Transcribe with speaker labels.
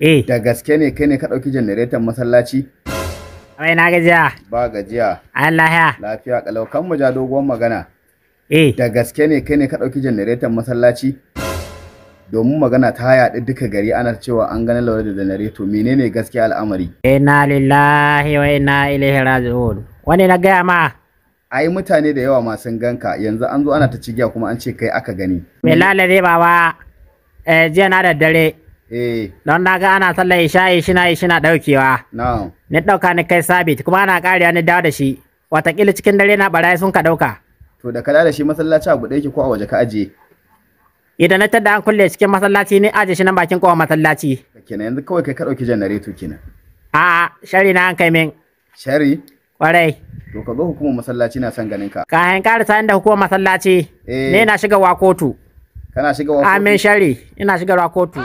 Speaker 1: Eh. Da gaske ne kai ne ka ɗauki janareton masallaci? Wai na gajiya. Ba gajiya. Allah ya. Lafiya ƙalau. kan mu ja doguwar magana. Eh. Da gaske ne kai ne ka ɗauki janareton masallaci? domin magana ta yaɗu duka gari ana cewa an gani laura da janareto menene gaskiya al'amari
Speaker 2: inna lillahi wa inna ilaihi
Speaker 1: raji'un wani na gaya ma ai mutane da yawa masu ganka yanzu an zo ana ta cigiya kuma an ce kai aka gani
Speaker 2: me lalade baba eh jiya na da dare Eh. don na ga ana sallar isha'i shina shina daukewa ni dauka ni kai sabit kuma ana kariya ni dawo da shi watakila cikin dare na barayi sun ka dauka
Speaker 1: to da kala da shi masallaci a guda yake ko a waje ka aje
Speaker 2: idan na tada an kulle cikin masallaci ni aje shi nan bakin kowa masallaci kenan yanzu kawai kai ka dauki janareto kenan a shari na an kai min shari kwarai to ka zo hukumar masallaci na son ganin ka kayan karisa inda hukumar masallaci eh. ne na shiga wa kotu
Speaker 1: kana shiga wa kotu amin
Speaker 2: shari ina shiga wa kotu